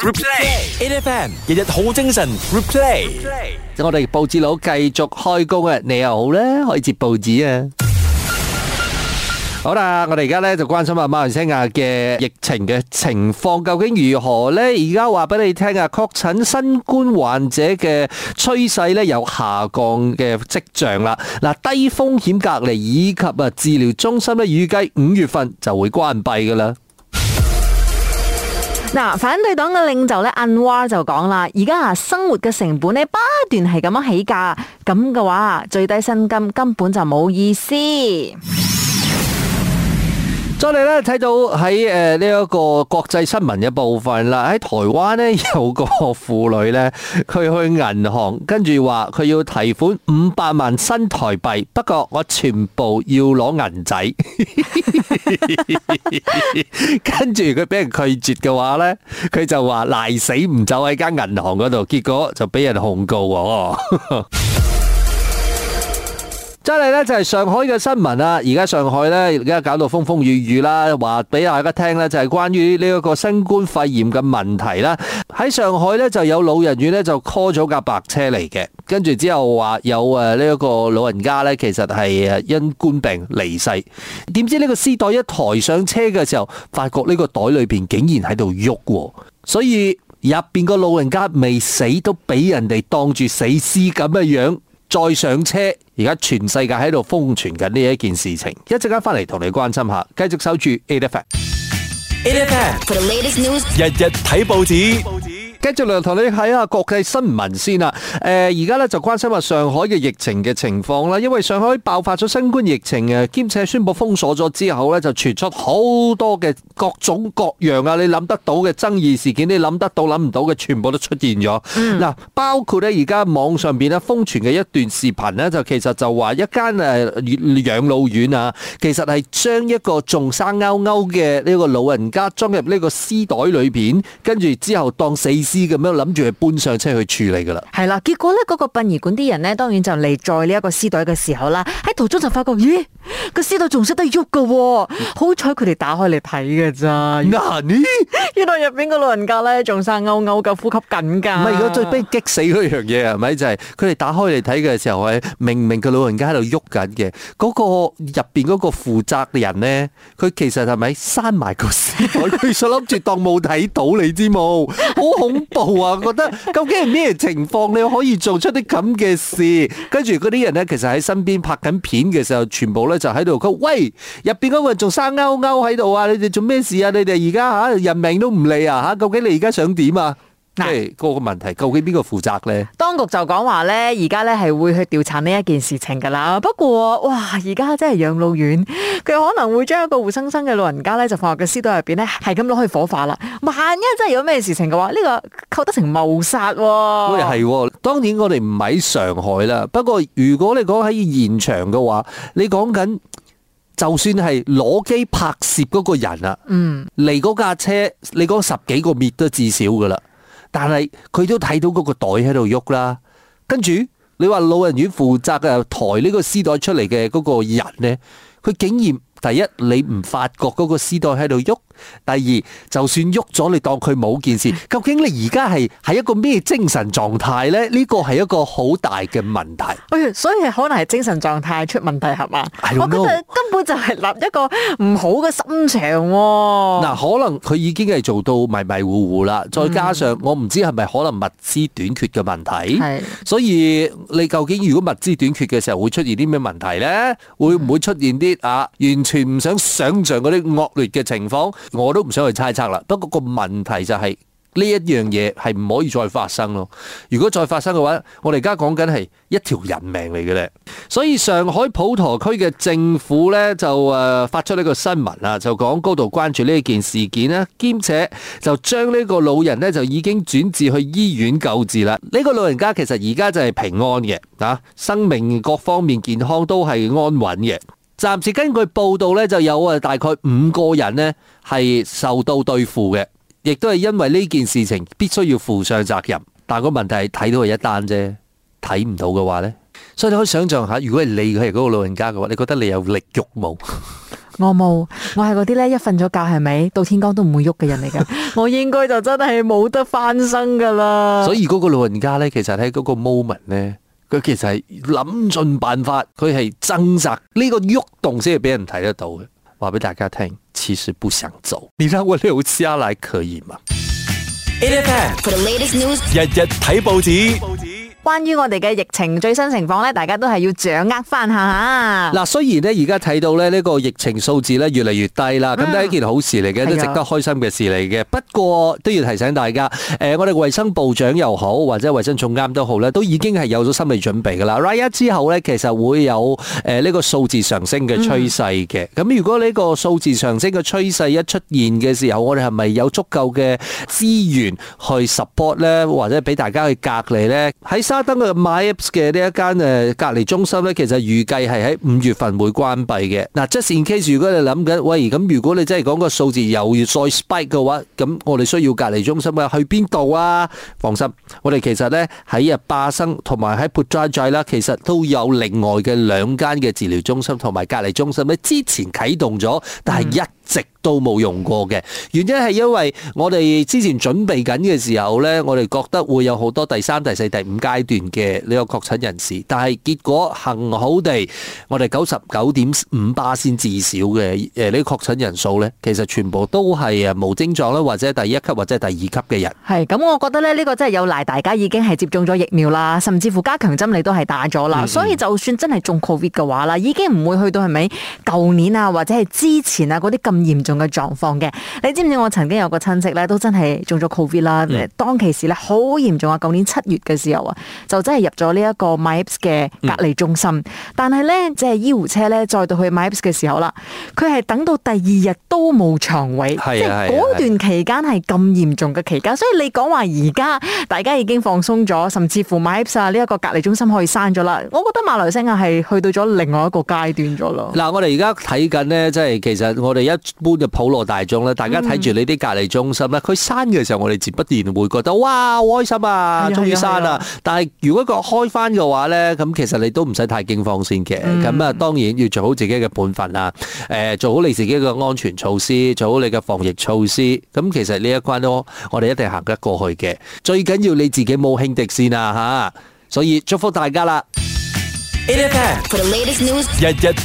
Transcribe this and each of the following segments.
Replay，A F M 日日好精神。Replay，我哋報紙佬繼續開工啊！你又好咧，可以接報紙啊！好啦，我哋而家咧就關心下，馬來西亞嘅疫情嘅情況究竟如何呢？而家話俾你聽啊，確診新冠患者嘅趨勢咧有下降嘅跡象啦。嗱，低風險隔離以及啊治療中心咧，預計五月份就會關閉噶啦。嗱，反對黨嘅領袖咧，安華就講啦，而家啊生活嘅成本咧，不斷係咁樣起價，咁嘅話最低薪金根本就冇意思。再嚟咧，睇到喺誒呢一個國際新聞嘅部分啦。喺台灣咧，有個婦女咧，佢去銀行，跟住話佢要提款五百萬新台幣，不過我全部要攞銀仔。 跟住佢俾人拒絕嘅話咧，佢就話「賴死唔走」喺間銀行嗰度，結果就俾人控告喎。 真係咧，就係上海嘅新聞啊！而家上海咧，而家搞到風風雨雨啦。話俾大家聽咧，就係關於呢一個新冠肺炎嘅問題啦。喺上海咧，就有老人院咧就 call 咗架白車嚟嘅，跟住之後話有誒呢一個老人家咧，其實係因冠病離世。點知呢個屍袋一抬上車嘅時候，發覺呢個袋裏邊竟然喺度喐，所以入邊個老人家未死都俾人哋當住死屍咁嘅樣。再上車，而家全世界喺度瘋傳緊呢一件事情。一陣間翻嚟同你關心下，繼續守住 ada ada for the latest news 日日睇報紙跟住梁台，你睇下國際新聞先啦。誒，而家咧就關心下上海嘅疫情嘅情況啦，因為上海爆發咗新冠疫情啊，兼且宣布封鎖咗之後咧，就傳出好多嘅各種各樣啊，你諗得到嘅爭議事件，你諗得到諗唔到嘅，全部都出現咗。嗱、嗯啊，包括咧而家網上邊咧瘋傳嘅一段視頻咧，就其實就話一間誒養老院啊，其實係將一個仲生勾勾嘅呢個老人家裝入呢個屍袋裏邊，跟住之後當死。知咁樣諗住係搬上車去處理噶啦，係啦，結果咧嗰個殯儀館啲人咧，當然就嚟載呢一個屍袋嘅時候啦，喺途中就發覺，咦，個屍袋仲識得喐噶，好彩佢哋打開嚟睇嘅咋？嗱呢，原來入邊個老人家咧仲生勾勾噶，呼吸緊噶。唔係，如果最俾激死嗰樣嘢係咪就係佢哋打開嚟睇嘅時候係明明個老人家喺度喐緊嘅，嗰個入邊嗰個負責嘅人咧，佢其實係咪閂埋個屍袋，佢想諗住當冇睇到你知冇？好恐！暴啊！覺得究竟係咩情況？你可以做出啲咁嘅事？跟住嗰啲人咧，其實喺身邊拍緊片嘅時候，全部咧就喺度講：喂，入邊嗰個人仲生勾勾喺度啊！你哋做咩事啊？你哋而家吓人命都唔理啊！吓，究竟你而家想點啊？即係嗰個問題，究竟邊個負責咧？當局就講話咧，而家咧係會去調查呢一件事情噶啦。不過哇，而家真係養老院，佢可能會將一個活生生嘅老人家咧，就放入個屍袋入邊咧，係咁攞去火化啦。萬一真係有咩事情嘅話，呢、這個扣得成謀殺喎。喂，係當然我哋唔喺上海啦。不過如果你講喺現場嘅話，你講緊就算係攞機拍攝嗰個人啊，嗯，嚟嗰架車，你講十幾個滅都至少噶啦。但係佢都睇到嗰個袋喺度喐啦，跟住你話老人院負責嘅抬呢個屍袋出嚟嘅嗰個人呢，佢竟然第一你唔發覺嗰個屍袋喺度喐，第二就算喐咗你當佢冇件事，究竟你而家係係一個咩精神狀態呢？呢個係一個好大嘅問題。所以，所以可能係精神狀態出問題係嘛？我覺得。本就係立一個唔好嘅心情喎。嗱，可能佢已經係做到迷迷糊糊啦，再加上我唔知係咪可能物資短缺嘅問題。係，所以你究竟如果物資短缺嘅時候會出現啲咩問題呢？會唔會出現啲啊，完全唔想想象嗰啲惡劣嘅情況？我都唔想去猜測啦。不過個問題就係。呢一樣嘢係唔可以再發生咯。如果再發生嘅話，我哋而家講緊係一條人命嚟嘅咧。所以上海普陀區嘅政府呢，就誒發出呢個新聞啦，就講高度關注呢件事件呢，兼且就將呢個老人呢，就已經轉至去醫院救治啦。呢個老人家其實而家就係平安嘅啊，生命各方面健康都係安穩嘅。暫時根據報道呢，就有誒大概五個人呢，係受到對付嘅。亦都係因為呢件事情必須要負上責任，但係個問題係睇到係一單啫，睇唔到嘅話呢。所以你可以想象下，如果係你係嗰個老人家嘅話，你覺得你有力喐冇 ？我冇，我係嗰啲呢，一瞓咗覺係咪到天光都唔會喐嘅人嚟㗎， 我應該就真係冇得翻身噶啦。所以嗰個老人家呢，其實喺嗰個 moment 呢，佢其實係諗盡辦法，佢係掙扎呢，這個喐動先係俾人睇得到嘅。話俾大家聽。其實不想走，你讓我留下來可以嗎？日日睇報紙。Gy. 關於我哋嘅疫情最新情況咧，大家都係要掌握翻下。嗱，雖然咧而家睇到咧呢個疫情數字咧越嚟越低啦，咁都係一件好事嚟嘅，都值得開心嘅事嚟嘅。不過都要提醒大家，誒，我哋衛生部長又好，或者衛生總監都好咧，都已經係有咗心理準備噶啦。Raya 之後咧，其實會有誒呢個數字上升嘅趨勢嘅。咁如果呢個數字上升嘅趨勢一出現嘅時候，我哋係咪有足夠嘅資源去 support 咧，或者俾大家去隔離咧？喺沙登嘅 My Apps 嘅呢一間誒隔離中心咧，其實預計係喺五月份會關閉嘅。嗱，Just in case，如果你諗緊，喂，咁如果你真係講個數字又要再 spike 嘅話，咁我哋需要隔離中心啊，去邊度啊？放心，我哋其實咧喺啊巴生同埋喺 Putrajaya 啦，其實都有另外嘅兩間嘅治療中心同埋隔離中心，咧之前啟動咗，但係一、嗯。直到冇用過嘅原因係因為我哋之前準備緊嘅時候咧，我哋覺得會有好多第三、第四、第五階段嘅呢個確診人士，但係結果幸好地我，我哋九十九點五八先至少嘅，誒呢確診人數咧，其實全部都係誒無症狀啦，或者第一級或者第二級嘅人。係咁，我覺得咧呢、呢個真係有賴大家已經係接種咗疫苗啦，甚至乎加強針你都係打咗啦，所以就算真係中 covid 嘅話啦，已經唔會去到係咪舊年啊，或者係之前啊嗰啲咁。那嚴重嘅狀況嘅，你知唔知我曾經有個親戚咧，都真係中咗 Covid 啦、嗯。當其時咧好嚴重啊！舊年七月嘅時候啊，就真係入咗呢一個 m y p s 嘅隔離中心。嗯、但係咧，即係醫護車咧再到去 m y p s 嘅時候啦，佢係等到第二日都冇床位。係係係。即係嗰段期間係咁嚴重嘅期間，所以你講話而家大家已經放鬆咗，甚至乎 m i p s 啊呢一個隔離中心可以閂咗啦。我覺得馬來西亞係去到咗另外一個階段咗咯。嗱，我哋而家睇緊呢，即係其實我哋一搬入普羅大眾咧，大家睇住呢啲隔離中心咧，佢閂嘅時候，我哋自不然會覺得哇，好開心啊，終於閂啦！但係如果個開翻嘅話咧，咁其實你都唔使太驚慌先嘅。咁啊，當然要做好自己嘅本分啦，誒，做好你自己嘅安全措施，做好你嘅防疫措施。咁其實呢一關囉，我哋一定行得過去嘅。最緊要你自己冇輕敵先啊！吓，所以祝福大家啦！日日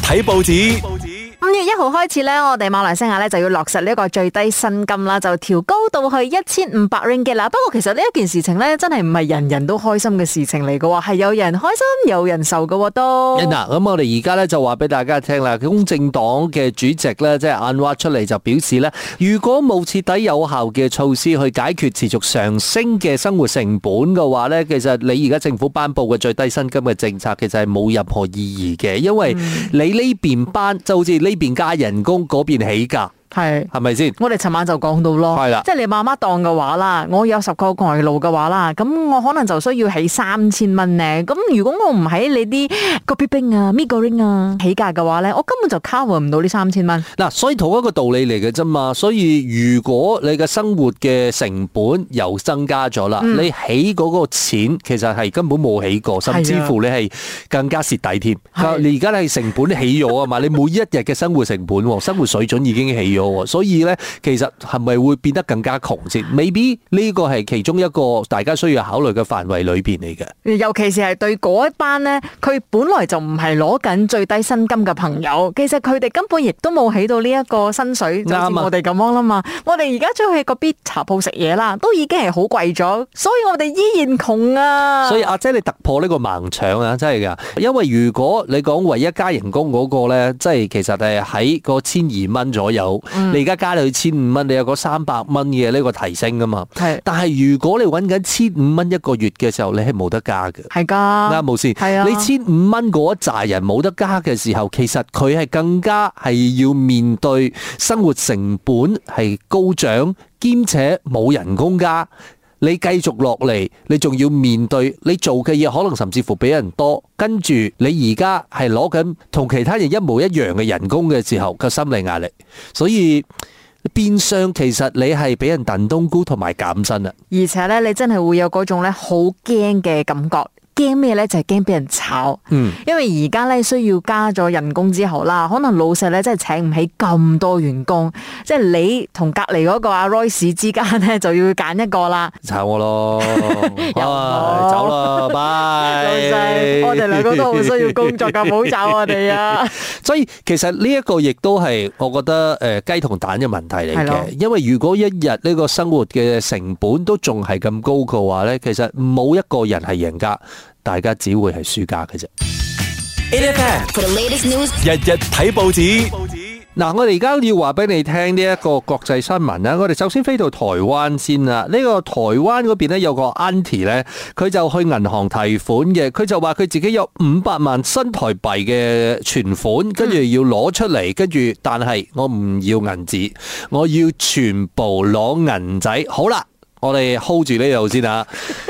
睇報紙。五月一號開始呢，我哋馬來西亞呢就要落實呢一個最低薪金啦，就調高到去一千五百 ringgit 啦。不過其實呢一件事情呢，真係唔係人人都開心嘅事情嚟嘅喎，係有人開心，有人受嘅喎都。咁、嗯、我哋而家呢就話俾大家聽啦，公正黨嘅主席呢，即係安華出嚟就表示呢：如果冇徹底有效嘅措施去解決持續上升嘅生活成本嘅話呢，其實你而家政府頒布嘅最低薪金嘅政策其實係冇任何意義嘅，因為你呢邊頒就好似呢邊加人工，嗰邊起價。係，係咪先？我哋尋晚就講到咯，係啦，即係你媽媽檔嘅話啦，我有十個外勞嘅話啦，咁我可能就需要起三千蚊咧。咁如果我唔起你啲個別兵啊、mee goreng 啊起價嘅話咧，我根本就 cover 唔到呢三千蚊。嗱，所以同一個道理嚟嘅啫嘛。所以如果你嘅生活嘅成本又增加咗啦，你起嗰個錢其實係根本冇起過，甚至乎你係更加蝕底添。你而家係成本起咗啊嘛，你每一日嘅生活成本、生活水準已經起。所以咧，其實係咪會變得更加窮先？未必，呢個係其中一個大家需要考慮嘅範圍裏邊嚟嘅。尤其是係對嗰一班咧，佢本來就唔係攞緊最低薪金嘅朋友，其實佢哋根本亦都冇起到呢一個薪水。嗱，我哋咁樣啦嘛，我哋而家出去個 bit 茶鋪食嘢啦，都已經係好貴咗，所以我哋依然窮啊。所以阿姐，你突破呢個盲腸啊，真係噶。因為如果你講唯一家人工嗰個咧，即係其實係喺個千二蚊左右。嗯、你而家加到去千五蚊，你有個三百蚊嘅呢個提升噶嘛？係的，但係如果你揾緊千五蚊一個月嘅時候，你係冇得加嘅，係噶啱冇事。係啊嗎，的你千五蚊嗰一紮人冇得加嘅時候，其實佢係更加係要面對生活成本係高漲，兼且冇人工加。你繼續落嚟，你仲要面對你做嘅嘢可能甚至乎比人多，跟住你而家係攞緊同其他人一模一樣嘅人工嘅時候個心理壓力，所以變相其實你係俾人燉冬菇同埋減薪啦。而且咧，你真係會有嗰種咧好驚嘅感覺。驚咩咧？就係驚俾人炒，因為而家咧需要加咗人工之後啦，可能老細咧真係請唔起咁多員工，即係你同隔籬嗰個阿 Royce 之間咧就要揀一個啦，炒我咯， 我啊、走啦，拜拜。老細，我哋兩個都好需要工作噶，唔好炒我哋啊。 所以其實呢一個亦都係我覺得誒雞同蛋嘅問題嚟嘅，的因為如果一日呢個生活嘅成本都仲係咁高嘅話咧，其實冇一個人係贏家。大家只會係輸家嘅啫。日日睇報紙，報紙嗱、啊，我哋而家要話俾你聽呢一個國際新聞啦。我哋首先飛到台灣先啦。呢、這個台灣嗰邊咧有個 aunty 呢，佢就去銀行提款嘅。佢就話佢自己有五百萬新台幣嘅存款，跟住要攞出嚟，跟住但係我唔要銀紙，我要全部攞銀仔。好啦，我哋 hold 住呢度先啊。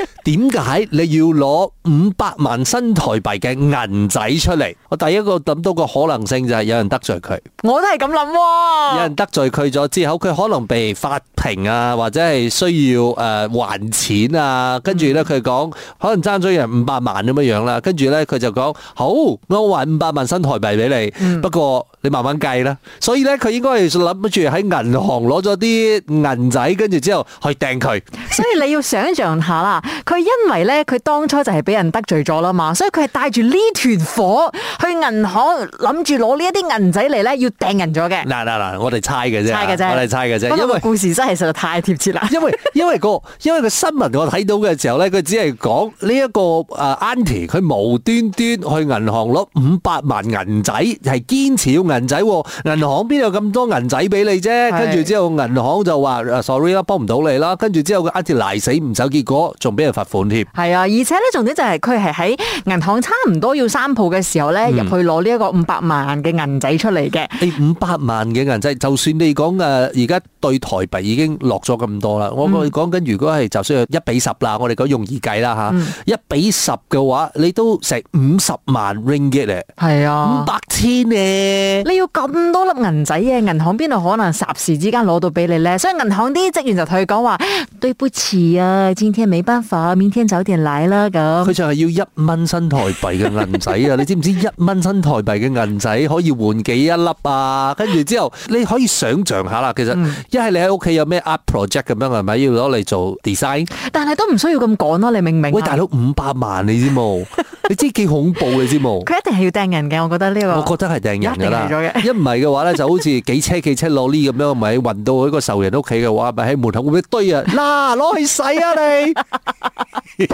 點解你要攞五百萬新台幣嘅銀仔出嚟？我第一個諗到個可能性就係有人得罪佢，我都係咁諗喎。有人得罪佢咗之後，佢可能被罰。啊，或者係需要誒、呃、還錢啊，跟住咧佢講，可能爭咗人五百萬咁樣樣啦，跟住咧佢就講好，我還五百萬新台幣俾你，嗯、不過你慢慢計啦。所以咧佢應該係諗住喺銀行攞咗啲銀仔，跟住之後去掟佢。 所以你要想象下啦，佢因為咧佢當初就係俾人得罪咗啦嘛，所以佢係帶住呢團火去銀行諗住攞呢一啲銀仔嚟咧要掟人咗嘅。嗱嗱嗱，我哋猜嘅啫，猜嘅啫，我哋猜嘅啫，因為故事真係，實在太貼切啦、 那個！因為因為個因為個新聞我睇到嘅時候咧，佢只係講呢一個 auntie 佢無端端去銀行攞五百萬銀仔，係堅持要銀仔喎。銀行邊有咁多銀仔俾你啫？啊、跟住之後銀行就話，啊，sorry 啦，幫唔到你啦。跟住之後佢 auntie 賴死唔走，結果仲俾人罰款添。係啊，而且咧重點就係佢係喺銀行差唔多要三鋪嘅時候咧，入去攞呢一個五百萬嘅銀仔出嚟嘅。誒五百萬嘅銀仔，就算你講誒而家對台幣。已經落咗咁多啦，我講緊如果係就算一比十啦，我哋講容易計啦吓，一比十嘅話，你都成五十萬 ringgit 咧，係啊，五百千呢？你要咁多粒銀仔嘅，銀行邊度可能霎時之間攞到俾你咧？所以銀行啲職員就同佢講話，對不起啊，今天沒辦法，明天早點嚟啦咁。佢就係要一蚊新台幣嘅銀仔啊， 你知唔知一蚊新台幣嘅銀仔可以換幾一粒啊？跟住之後你可以想象下啦，其實一係你喺屋企有。咩 app project 咁樣係咪要攞嚟做 design？但係都唔需要咁講咯，你明唔明啊？喂，大佬五百萬你知冇？你知幾恐怖你知冇？佢一定係要掟人嘅，我覺得呢個。我覺得係掟人嘅啦。一唔係嘅話咧，就好似幾車幾車攞呢咁樣，咪運到一個仇人屋企嘅話，咪喺門口會唔會堆呀。嗱，攞去洗啊你！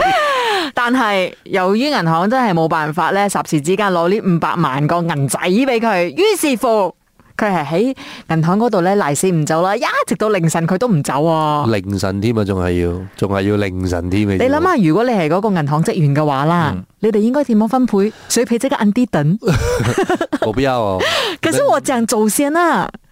但係由於銀行真係冇辦法咧，霎時之間攞呢五百萬個銀仔俾佢，於是乎。佢係喺銀行嗰度咧，賴死唔走啦，一直到凌晨佢都唔走啊！凌晨添啊，仲係要，仲係要凌晨添。你諗下，如果你係嗰個銀行職員嘅話啦，嗯、你哋應該點樣分配？水皮即刻按啲，等？我唔 要、哦，其 實我淨做先啦、啊。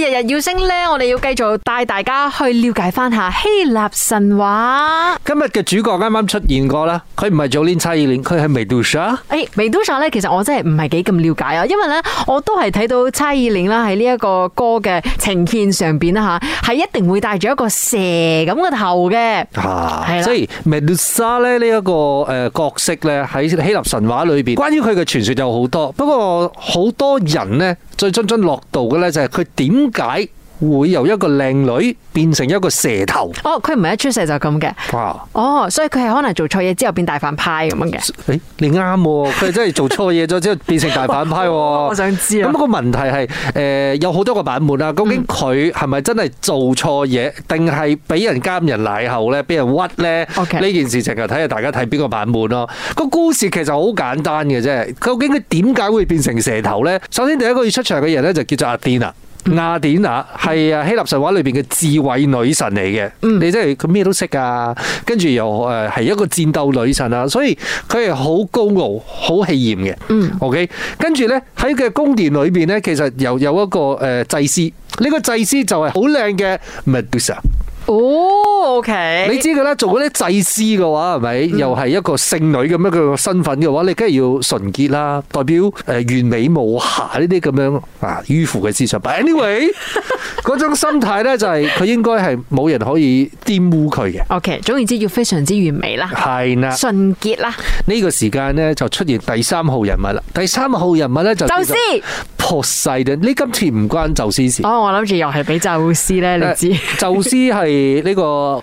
日日要升咧，我哋要繼續帶大家去了解翻下希臘神話。今日嘅主角啱啱出現過啦，佢唔係蔡依林，佢係美杜莎。誒，美杜莎咧，其實我真係唔係幾咁了解啊，因為咧，我都係睇到蔡依林啦，喺呢一個歌嘅呈現上邊啦吓，係一定會帶住一個蛇咁嘅頭嘅。吓、啊，啦所以美杜莎咧，呢一個誒角色咧喺希臘神話裏邊，關於佢嘅傳說就好多，不過好多人咧。最津津樂道嘅咧，就係佢點解會由一個靚女變成一個蛇頭。哦，佢唔係一出世就咁嘅。哇！哦，所以佢係可能做錯嘢之後變大反派咁樣嘅。誒，你啱喎，佢真係做錯嘢咗之後變成大反派。我想知啊。咁個問題係誒有好多個版本呀。究竟佢係咪真係做錯嘢，定係俾人監人賴厚咧，俾人屈咧？Okay。呢件事情就睇下大家睇邊個版本咯。個故事其實好簡單嘅啫。究竟佢點解會變成蛇頭咧？首先第一個要出場嘅人咧，就叫做阿癲啦。雅典娜係啊，希臘神話裏邊嘅智慧女神嚟嘅，你真係佢咩都識啊，跟住又誒係一個戰鬥女神啊，所以佢係好高傲、好氣焰嘅。嗯，OK，跟住咧喺佢嘅宮殿裏邊咧，其實又有，有一個誒祭司，呢、這個祭司就係好靚嘅 Medusa。哦。O K，你知噶啦，做嗰啲祭司嘅話，係咪又係一個聖女咁樣嘅身份嘅話，你梗係要純潔啦，代表誒完美無瑕呢啲咁樣啊迂腐嘅思想。Anyway，嗰種心態咧就係佢應該係冇人可以玷污佢嘅。O K，總言之要非常之完美啦，係啦，純潔啦。呢個時間咧就出現第三號人物啦。第三號人物咧就宙斯，Poseidon。你今次唔關宙斯事。哦，我諗住又係俾宙斯咧，你知。宙斯係呢個。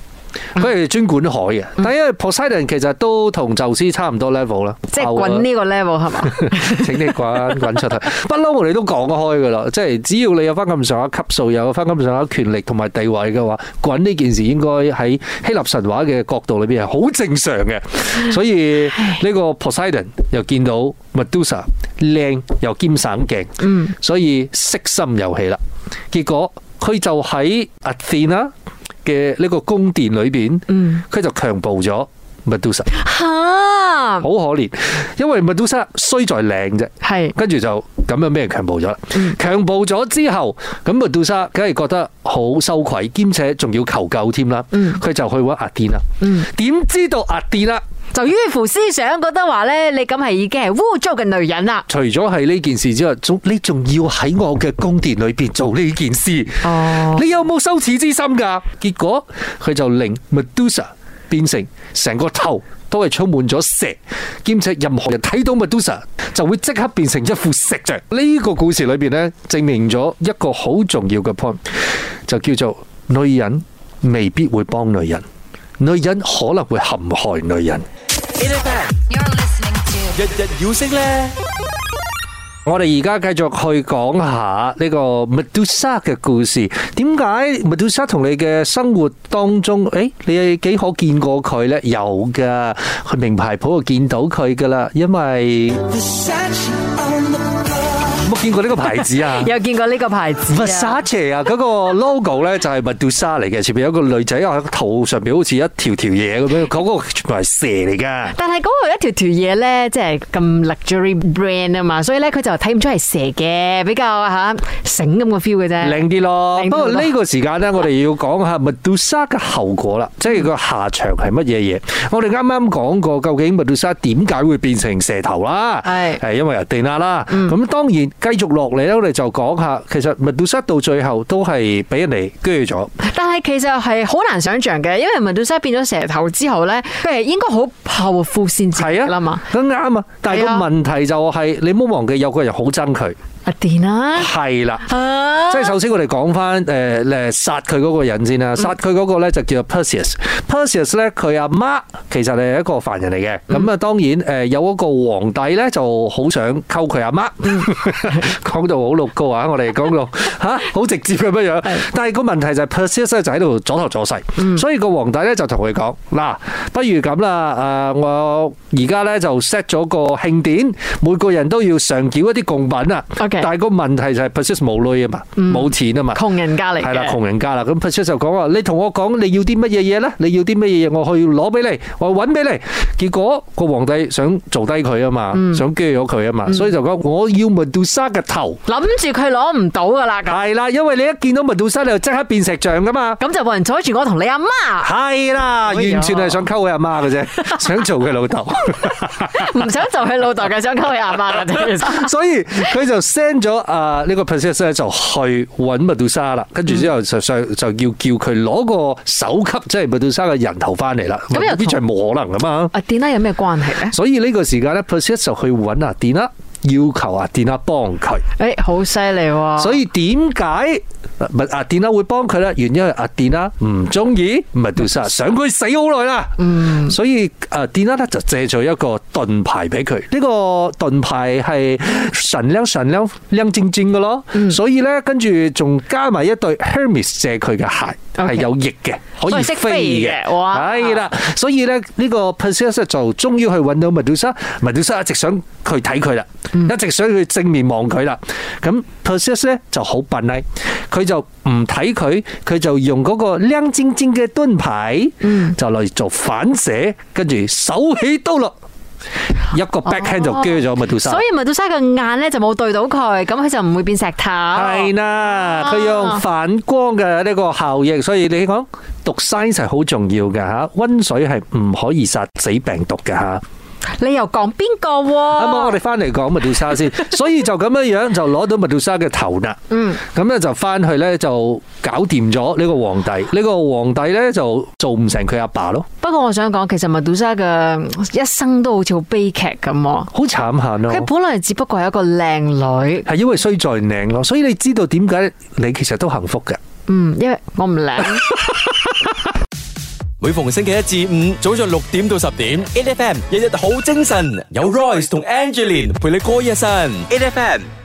佢係專管海嘅，嗯、但因為 Poseidon 其實都同宙斯差唔多 level 啦，即係滾呢個 level 係嘛了， 請你滾滾滾 出去。不嬲我哋都講開噶啦，即係只要你有翻咁上下級數，有翻咁上下權力同埋地位嘅話，滾呢件事應該喺希臘神話嘅角度裏邊係好正常嘅，所以呢個 Poseidon 又見到 Medusa 靚又兼省鏡，嗯，所以色心又起啦，結果佢就喺 Athena 啦。嘅呢個宮殿裏邊，嗯，佢就強暴咗墨杜莎，吓，好可憐，因為墨杜莎衰在靚啫，係，跟住就咁樣俾人強暴咗啦，嗯，強暴咗之後，咁墨杜莎梗係覺得好羞愧，兼且仲要求救添啦，嗯，佢就去搵阿典啦，嗯，點知道阿典啦，就迂乎思想覺得話呢，你咁係已經係污糟嘅女人啦。除咗係呢件事之外，你仲要喺我嘅宮殿裏邊做呢件事。哦，oh. 你有冇羞恥之心噶？結果佢就令 Medusa 變成成個頭都係充滿咗蛇，兼且任何人睇到 Medusa 就會即刻變成一副石像。呢、這個故事裏邊呢，證明咗一個好重要嘅 point，就叫做女人未必會幫女人。女人可能會陷害女人。日日要食咧，我哋而家繼續去講下呢個 Medusa 嘅故事。點解 Medusa 同你嘅生活當中，誒，你幾可見過佢咧？有噶，去名牌鋪就見到佢噶啦，因為。我 見過呢個牌子啊，有見過呢個牌子。Versace 啊，嗰、那個 logo 咧就係墨杜莎嚟嘅，前邊有個女仔喺個圖上邊好似一條條嘢咁樣，嗰、那個全部係蛇嚟㗎。但係嗰個一條條嘢咧，即係咁 luxury brand 啊嘛，所以咧佢就睇唔出係蛇嘅，比較嚇、啊、醒咁嘅 feel 嘅啫，靚啲咯。不過呢個時間咧，我哋要講下墨杜莎嘅後果啦，即係個下場係乜嘢嘢。嗯、我哋啱啱講過，究竟墨杜莎點解會變成蛇頭是啦？係係因為迪娜啦。咁當然。繼續落嚟咧，我哋就講下，其實美杜莎到最後都係俾人哋鋸咗。但係其實係好難想象嘅，因為美杜莎變咗蛇頭之後咧，佢係應該好厚敷先至係啊啱嘛。咁啱啊！但係個問題就係、是、的你冇忘記有個人好憎佢。阿迪係啦，即係首先我哋講翻誒誒殺佢嗰個人先啦，殺佢嗰個咧就叫做 Perseus。Perseus 咧佢阿媽其實係一個凡人嚟嘅，咁啊當然誒有嗰個皇帝咧就好想溝佢阿媽，講到好六個啊，我哋講到吓好直接咁樣樣，但係個問題就係 Perseus 就喺度阻頭阻勢，所以個皇帝咧就同佢講嗱，不如咁啦，誒我而家咧就 set 咗個慶典，每個人都要上繳一啲貢品啊。但係個問題就係 Perseus 冇女啊嘛，冇錢啊嘛，窮人家嚟，係啦窮人家啦。咁 Perseus 就講話，你同我講你要啲乜嘢嘢咧？你要啲乜嘢嘢，我去攞俾你，我搵俾你。結果個皇帝想做低佢啊嘛，想居咗佢啊嘛，所以就講我要美杜莎嘅頭，諗住佢攞唔到噶啦。係啦，因為你一見到美杜莎你就即刻變石像噶嘛，咁就冇人阻住我同你阿媽。係啦，完全係想溝佢阿媽嘅啫，想做佢老豆，唔想做佢老豆嘅，想溝佢阿媽嘅啫。所以佢就。咗啊呢、這個 process 咧，就去揾咪杜莎啦，跟住之後就就就要叫佢攞個首級，即係咪杜莎嘅人頭翻嚟啦。咁又呢啲就係冇可能噶嘛。啊，電啦有咩關係咧？所以呢個時間咧，process 就去揾啊電啦。要求 Athena 幫佢，誒，好犀利喎！所以點解唔 Athena 會幫佢咧？原因係 Athena 唔中意 Medusa，想佢死好耐啦。嗯，所以 Athena 咧就借咗一個盾牌俾佢，呢個盾牌係閃亮閃亮靚正正噶咯。所以咧，跟住仲加埋一對 Hermes 借佢嘅鞋，係有翼嘅，可以飛嘅。哇！係啦，所以咧呢個 Perseus 就終於去揾到 Medusa，Medusa 一直想佢睇佢啦。一直想去正面望佢啦，咁 Perseus 咧就好笨咧，佢就唔睇佢，佢就用嗰個靚尖尖嘅盾牌就嚟做反射，跟住手起刀落，一個 backhand 就鋸咗美杜莎。所以美杜莎嘅眼咧就冇對到佢，咁佢就唔會變石頭。係啦，佢用反光嘅呢個效應，所以你講讀 science 係好重要噶嚇，溫水係唔可以殺死病毒嘅嚇。你又講邊個？咁啊，我哋翻嚟講美杜莎先，所以就咁樣樣就攞到美杜莎嘅頭啦。嗯，咁咧就翻去咧就搞掂咗呢個皇帝。呢個皇帝咧就做唔成佢阿爸咯。不過我想講，其實美杜莎嘅一生都好似好悲劇咁啊，好慘下咯。佢本來只不過係一個靚女，係因為衰在靚咯。所以你知道點解你其實都幸福嘅？嗯，因為我唔靚。每逢星期一至五，早上六點到十點，A F M 日日好精神，有 Royce 同 Angelina 陪你歌一生。A F M。